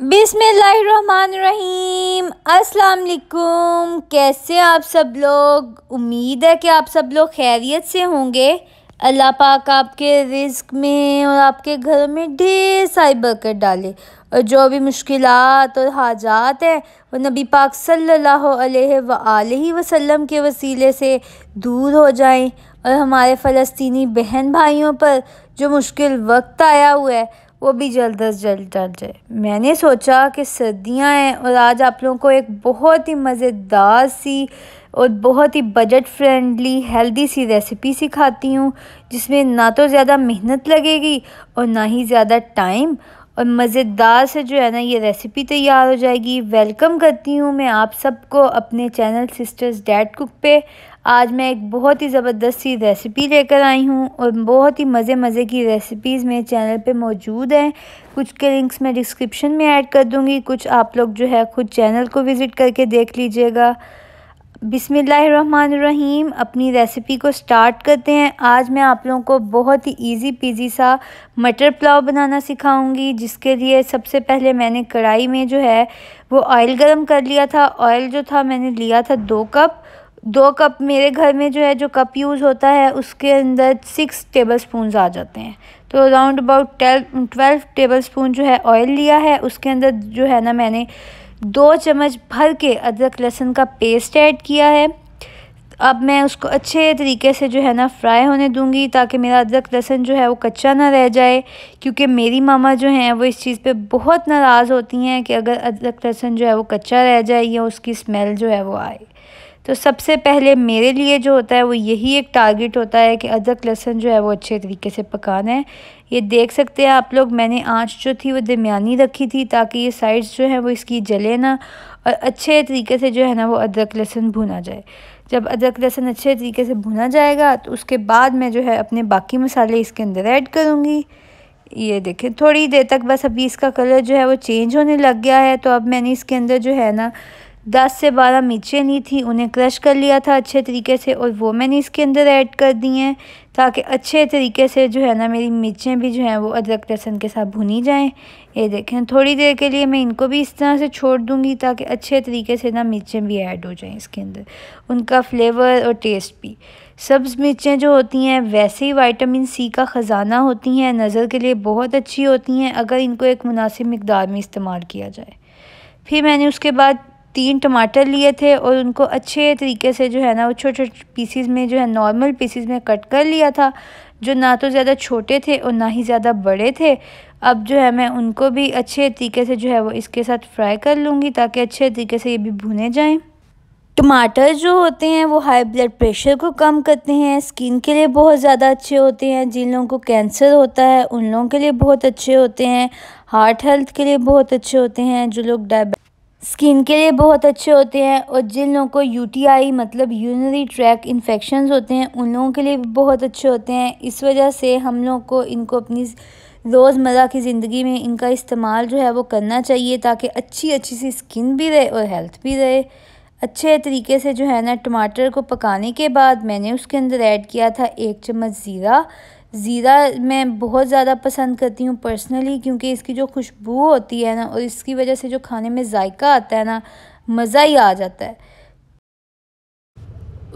बिसमीम असलकुम कैसे आप सब लोग उम्मीद है कि आप सब लोग खैरियत से होंगे अल्लाह पाक आपके रिस्क में और आपके घर में ढेर सारी बरकत डाले और जो भी मुश्किल और हाजात हैं वो नबी पाक सल्ला वसलम के वसीले से दूर हो जाएं और हमारे फ़लस्तनी बहन भाइयों पर जो मुश्किल वक्त आया हुआ है वो भी जल्द अज जल्द डर जाए मैंने सोचा कि सर्दियाँ हैं और आज आप लोगों को एक बहुत ही मज़ेदार सी और बहुत ही बजट फ्रेंडली हेल्दी सी रेसिपी सिखाती हूँ जिसमें ना तो ज़्यादा मेहनत लगेगी और ना ही ज़्यादा टाइम और मज़ेदार से जो है ना ये रेसिपी तैयार हो जाएगी वेलकम करती हूँ मैं आप सबको अपने चैनल सिस्टर्स डैड कुक पे आज मैं एक बहुत ही ज़बरदस्त सी रेसिपी लेकर आई हूँ और बहुत ही मज़े मज़े की रेसिपीज़ मेरे चैनल पे मौजूद हैं कुछ के लिंक्स मैं डिस्क्रिप्शन में ऐड कर दूँगी कुछ आप लोग जो है खुद चैनल को विज़िट करके देख लीजिएगा बिसमीम अपनी रेसिपी को स्टार्ट करते हैं आज मैं आप लोगों को बहुत ही इजी पीजी सा मटर पुलाव बनाना सिखाऊंगी जिसके लिए सबसे पहले मैंने कढ़ाई में जो है वो ऑयल गरम कर लिया था ऑयल जो था मैंने लिया था दो कप दो कप मेरे घर में जो है जो कप यूज़ होता है उसके अंदर सिक्स टेबल स्पून आ जाते हैं तो around about twelve tablespoon जो है ऑयल लिया है उसके अंदर जो है ना मैंने दो चम्मच भर के अदरक लहसुन का पेस्ट ऐड किया है अब मैं उसको अच्छे तरीके से जो है ना फ्राई होने दूंगी ताकि मेरा अदरक लहसुन जो है वो कच्चा ना रह जाए क्योंकि मेरी मामा जो हैं वो इस चीज़ पे बहुत नाराज़ होती हैं कि अगर अदरक लहसुन जो है वो कच्चा रह जाए या उसकी स्मेल जो है वो आए तो सबसे पहले मेरे लिए जो होता है वो यही एक टारगेट होता है कि अदरक लहसुन जो है वो अच्छे तरीके से पकाना है ये देख सकते हैं आप लोग मैंने आँच जो थी वो दरमियानी रखी थी ताकि ये साइड्स जो है वो इसकी जले ना और अच्छे तरीके से जो है ना वो अदरक लहसुन भुना जाए जब अदरक लहसुन अच्छे तरीके से भुना जाएगा तो उसके बाद मैं जो है अपने बाकी मसाले इसके अंदर ऐड करूँगी ये देखें थोड़ी देर तक बस अभी इसका कलर जो है वो चेंज होने लग गया है तो अब मैंने इसके अंदर जो है ना दस से बारह मिर्चें थी उन्हें क्रश कर लिया था अच्छे तरीके से और वो मैंने इसके अंदर ऐड कर दी हैं ताकि अच्छे तरीके से जो है ना मेरी मिर्चें भी जो हैं वो अदरक लहसन के साथ भुनी जाएं ये देखें थोड़ी देर के लिए मैं इनको भी इस तरह से छोड़ दूंगी ताकि अच्छे तरीके से ना मिर्चें भी ऐड हो जाएँ इसके अंदर उनका फ्लेवर और टेस्ट भी सब्ज़ मिर्चें जो होती हैं वैसे ही वाइटामिन सी का ख़जाना होती हैं नज़र के लिए बहुत अच्छी होती हैं अगर इनको एक मुनासिब मकदार में इस्तेमाल किया जाए फिर मैंने उसके बाद तीन टमाटर लिए थे और उनको अच्छे तरीके से जो है ना वो छोटे छोटे पीसीज में जो है नॉर्मल पीसीज में कट कर लिया था जो ना तो ज़्यादा छोटे थे और ना ही ज़्यादा बड़े थे अब जो है मैं उनको भी अच्छे तरीके से जो है वो इसके साथ फ्राई कर लूँगी ताकि अच्छे तरीके से ये भी भुने जाएँ टमाटर जो होते हैं वो हाई ब्लड प्रेशर को कम करते हैं स्किन के लिए बहुत ज़्यादा अच्छे होते हैं जिन लोगों को कैंसर होता है उन लोगों के लिए बहुत अच्छे होते हैं हार्ट हेल्थ के लिए बहुत अच्छे होते हैं जो लोग डायबे स्किन के लिए बहुत अच्छे होते हैं और जिन लोगों को यूटीआई मतलब यूनरी ट्रैक इन्फेक्शन होते हैं उन लोगों के लिए भी बहुत अच्छे होते हैं इस वजह से हम लोग को इनको अपनी रोज़मर्रा की ज़िंदगी में इनका इस्तेमाल जो है वो करना चाहिए ताकि अच्छी अच्छी सी स्किन भी रहे और हेल्थ भी रहे अच्छे तरीके से जो है ना टमाटर को पकाने के बाद मैंने उसके अंदर ऐड किया था एक चम्मच ज़ीरा ज़ीरा मैं बहुत ज़्यादा पसंद करती हूँ पर्सनली क्योंकि इसकी जो खुशबू होती है ना और इसकी वजह से जो खाने में जायका आता है ना मज़ा ही आ जाता है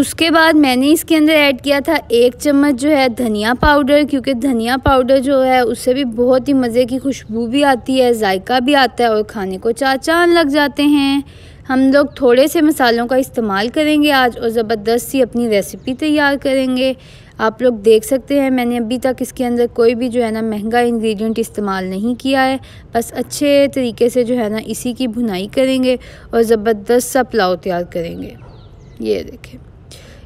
उसके बाद मैंने इसके अंदर ऐड किया था एक चम्मच जो है धनिया पाउडर क्योंकि धनिया पाउडर जो है उससे भी बहुत ही मज़े की खुशबू भी आती है जायका भी आता है और खाने को चाँद लग जाते हैं हम लोग थोड़े से मसालों का इस्तेमाल करेंगे आज और ज़बरदस्ती अपनी रेसिपी तैयार करेंगे आप लोग देख सकते हैं मैंने अभी तक इसके अंदर कोई भी जो है ना महंगा इंग्रेडिएंट इस्तेमाल नहीं किया है बस अच्छे तरीके से जो है ना इसी की भुनाई करेंगे और ज़बरदस्त सा पुलाव तैयार करेंगे ये देखें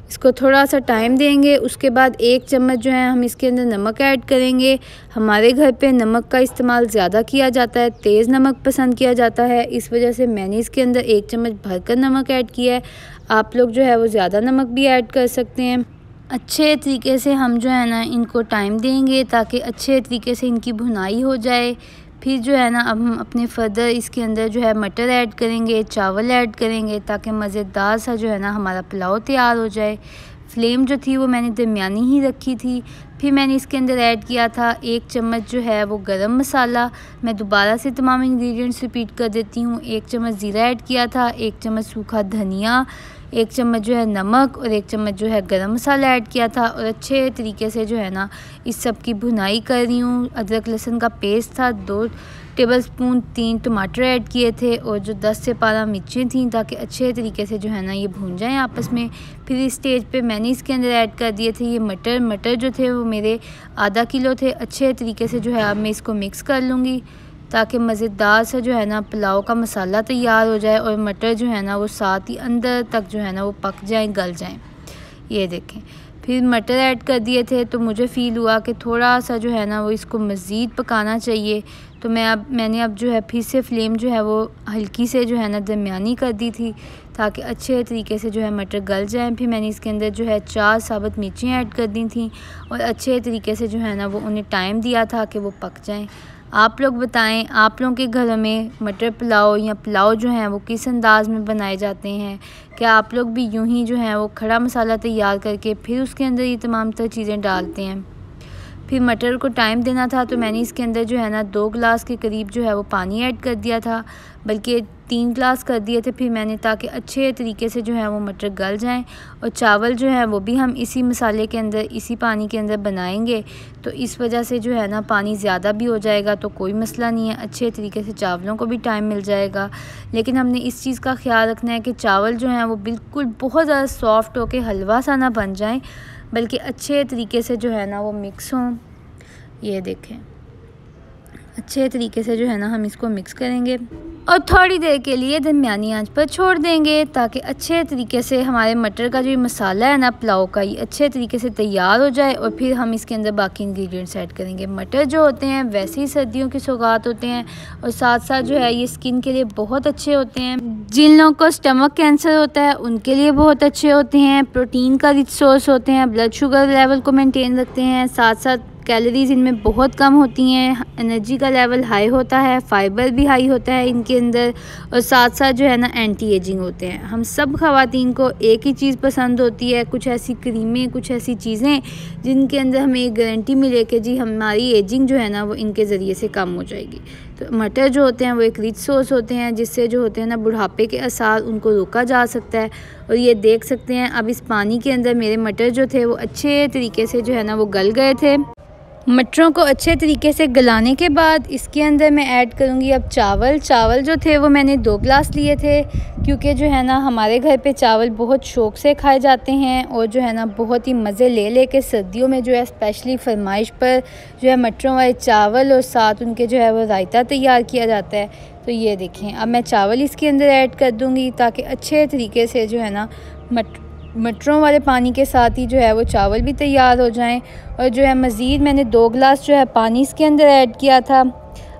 इसको थोड़ा सा टाइम देंगे उसके बाद एक चम्मच जो है हम इसके अंदर नमक ऐड करेंगे हमारे घर पे नमक का इस्तेमाल ज़्यादा किया जाता है तेज़ नमक पसंद किया जाता है इस वजह से मैंने इसके अंदर एक चम्मच भरकर नमक ऐड किया है आप लोग जो है वो ज़्यादा नमक भी ऐड कर सकते हैं अच्छे तरीके से हम जो है ना इनको टाइम देंगे ताकि अच्छे तरीके से इनकी भुनाई हो जाए फिर जो है ना अब हम अपने फर्दर इसके अंदर जो है मटर ऐड करेंगे चावल ऐड करेंगे ताकि मज़ेदार सा जो है ना हमारा पुलाव तैयार हो जाए फ्लेम जो थी वो मैंने दरमियानी ही रखी थी फिर मैंने इसके अंदर ऐड किया था एक चम्मच जो है वो गरम मसाला मैं दोबारा से तमाम इंग्रेडिएंट्स रिपीट कर देती हूँ एक चम्मच ज़ीरा ऐड किया था एक चम्मच सूखा धनिया एक चम्मच जो है नमक और एक चम्मच जो है गरम मसाला ऐड किया था और अच्छे तरीके से जो है ना इस सब की भुनाई कर रही हूँ अदरक लहसुन का पेस्ट था दो टेबल स्पून तीन टमाटर ऐड किए थे और जो 10 से 12 मिर्चें थीं ताकि अच्छे तरीके से जो है ना ये भून जाएं आपस में फिर इस स्टेज पे मैंने इसके अंदर ऐड कर दिए थे ये मटर मटर जो थे वो मेरे आधा किलो थे अच्छे तरीके से जो है अब मैं इसको मिक्स कर लूँगी ताकि मज़ेदार सा जो है ना पुलाव का मसाला तैयार हो जाए और मटर जो है ना वो साथ ही अंदर तक जो है ना वो पक जाए गल जाएँ ये देखें फिर मटर ऐड कर दिए थे तो मुझे फ़ील हुआ कि थोड़ा सा जो है ना वो इसको मज़ीद पकाना चाहिए तो मैं अब मैंने अब जो है फिर से फ्लेम जो है वो हल्की से जो है ना दरमिया कर दी थी ताकि अच्छे तरीके से जो है मटर गल जाएँ फिर मैंने इसके अंदर जो है चार साबुत मिर्चियाँ ऐड कर दी थी और अच्छे तरीके से जो है ना वो उन्हें टाइम दिया था कि वो पक जाएँ आप लोग बताएं आप लोगों के घरों में मटर पुलाव या पुलाव जो हैं वो किस अंदाज में बनाए जाते हैं क्या आप लोग भी यूं ही जो हैं वो खड़ा मसाला तैयार करके फिर उसके अंदर ये तमाम तर चीज़ें डालते हैं फिर मटर को टाइम देना था तो मैंने इसके अंदर जो है ना दो ग्लास के करीब जो है वो पानी ऐड कर दिया था बल्कि तीन ग्लास कर दिए थे फिर मैंने ताकि अच्छे तरीके से जो है वो मटर गल जाएं और चावल जो है वो भी हम इसी मसाले के अंदर इसी पानी के अंदर बनाएंगे तो इस वजह से जो है ना पानी ज़्यादा भी हो जाएगा तो कोई मसला नहीं है अच्छे तरीके से चावलों को भी टाइम मिल जाएगा लेकिन हमने इस चीज़ का ख्याल रखना है कि चावल जो है वो बिल्कुल बहुत ज़्यादा सॉफ्ट होकर हलवा सा ना बन जाएँ बल्कि अच्छे तरीके से जो है ना वो मिक्स हों ये देखें अच्छे तरीके से जो है ना हम इसको मिक्स करेंगे और थोड़ी देर के लिए दरमियानी आंच पर छोड़ देंगे ताकि अच्छे तरीके से हमारे मटर का जो मसाला है ना पुलाव का ये अच्छे तरीके से तैयार हो जाए और फिर हम इसके अंदर बाकी इंग्रेडिएंट्स ऐड करेंगे मटर जो होते हैं वैसे ही सर्दियों की सौगात होते हैं और साथ साथ जो है ये स्किन के लिए बहुत अच्छे होते हैं जिन लोगों को स्टमक कैंसर होता है उनके लिए बहुत अच्छे होते हैं प्रोटीन का रिच सोर्स होते हैं ब्लड शुगर लेवल को मेनटेन रखते हैं साथ साथ कैलोरीज़ इनमें बहुत कम होती हैं एनर्जी का लेवल हाई होता है फाइबर भी हाई होता है इनके अंदर और साथ साथ जो है ना एंटी एजिंग होते हैं हम सब खातन को एक ही चीज़ पसंद होती है कुछ ऐसी क्रीमें कुछ ऐसी चीज़ें जिनके अंदर हमें एक गारंटी मिले कि जी हमारी एजिंग जो है ना वो इनके ज़रिए से कम हो जाएगी तो मटर जो होते हैं वो एक रिच सोर्स होते हैं जिससे जो होते हैं ना बुढ़ापे के आसार उनको रोका जा सकता है और ये देख सकते हैं अब इस पानी के अंदर मेरे मटर जो थे वो अच्छे तरीके से जो है ना वो गल गए थे मटरों को अच्छे तरीके से गलाने के बाद इसके अंदर मैं ऐड करूँगी अब चावल चावल जो थे वो मैंने दो ग्लास लिए थे क्योंकि जो है ना हमारे घर पे चावल बहुत शौक़ से खाए जाते हैं और जो है ना बहुत ही मज़े ले ले के सर्दियों में जो है स्पेशली फरमाइश पर जो है मटरों वाले चावल और साथ उनके जो है वो रायता तैयार किया जाता है तो ये देखें अब मैं चावल इसके अंदर ऐड कर दूँगी ताकि अच्छे तरीके से जो है ना मट मटरों वाले पानी के साथ ही जो है वो चावल भी तैयार हो जाएं और जो है मज़ीद मैंने दो गिलास जो है पानी इसके अंदर ऐड किया था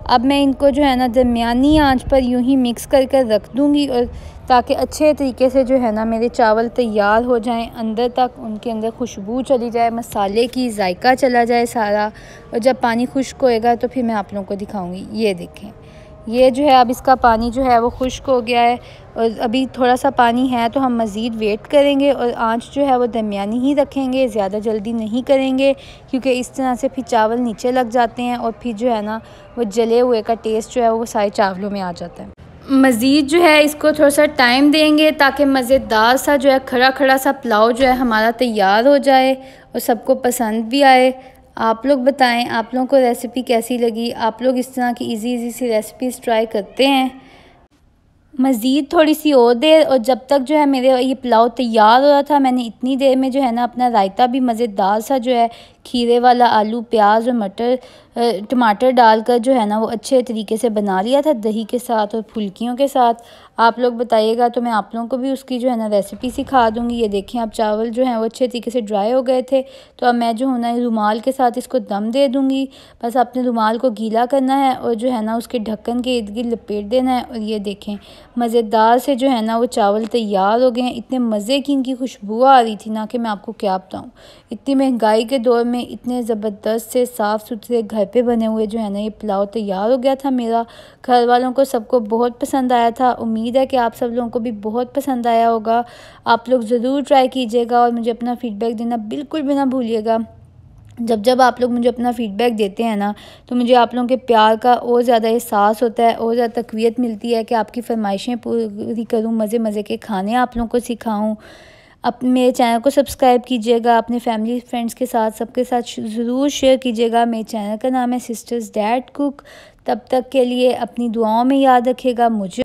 अब मैं इनको जो है ना दरमियानी आंच पर यूं ही मिक्स कर कर रख दूँगी और ताकि अच्छे तरीके से जो है ना मेरे चावल तैयार हो जाएं अंदर तक उनके अंदर खुशबू चली जाए मसाले की जायका चला जाए सारा और जब पानी खुश्क होएगा तो फिर मैं आप लोगों को दिखाऊँगी ये देखें ये जो है अब इसका पानी जो है वो खुश्क हो गया है और अभी थोड़ा सा पानी है तो हम मज़ीद वेट करेंगे और आंच जो है वो दरमिया ही रखेंगे ज़्यादा जल्दी नहीं करेंगे क्योंकि इस तरह से फिर चावल नीचे लग जाते हैं और फिर जो है ना वो जले हुए का टेस्ट जो है वो सारे चावलों में आ जाता है मज़ीद जो है इसको थोड़ा सा टाइम देंगे ताकि मज़ेदार सा जो है खड़ा खड़ा सा पुलाव जो है हमारा तैयार हो जाए और सबको पसंद भी आए आप लोग बताएं आप लोगों को रेसिपी कैसी लगी आप लोग इस तरह की इजी इजी सी रेसिपीज़ ट्राई करते हैं मज़ीद थोड़ी सी और देर और जब तक जो है मेरे ये पुलाव तैयार हो रहा था मैंने इतनी देर में जो है ना अपना रायता भी मज़ेदार सा जो है खीरे वाला आलू प्याज और मटर टमाटर डालकर जो है ना वो अच्छे तरीके से बना लिया था दही के साथ और फुल्कियों के साथ आप लोग बताइएगा तो मैं आप लोगों को भी उसकी जो है ना रेसिपी सिखा दूँगी ये देखें आप चावल जो हैं वो अच्छे तरीके से ड्राई हो गए थे तो अब मैं जो है ना रुमाल के साथ इसको दम दे दूँगी बस अपने रुमाल को गीला करना है और जो है ना उसके ढक्कन के इर्द गिर्द लपेट देना है और ये देखें मज़ेदार से जो है ना वो चावल तैयार हो गए हैं इतने मज़े की इनकी खुशबू आ रही थी ना कि मैं आपको क्या बताऊँ इतनी महंगाई के दौर में इतने ज़बरदस्त से साफ़ सुथरे घर पे बने हुए जो है ना ये पुलाव तैयार हो गया था मेरा घर वालों को सबको बहुत पसंद आया था उम्मीद है कि आप सब लोगों को भी बहुत पसंद आया होगा आप लोग ज़रूर ट्राई कीजिएगा और मुझे अपना फ़ीडबैक देना बिल्कुल भी ना भूलिएगा जब जब आप लोग मुझे अपना फ़ीडबैक देते हैं ना तो मुझे आप लोगों के प्यार का और ज़्यादा एहसास होता है और ज़्यादा तकवीत मिलती है कि आपकी फरमाइशें पूरी करूँ मज़े मज़े के खाने आप लोगों को सिखाऊँ आप मेरे चैनल को सब्सक्राइब कीजिएगा अपने फैमिली फ्रेंड्स के साथ सबके साथ ज़रूर शेयर कीजिएगा मेरे चैनल का नाम है सिस्टर्स डैड कुक तब तक के लिए अपनी दुआओं में याद रखिएगा मुझे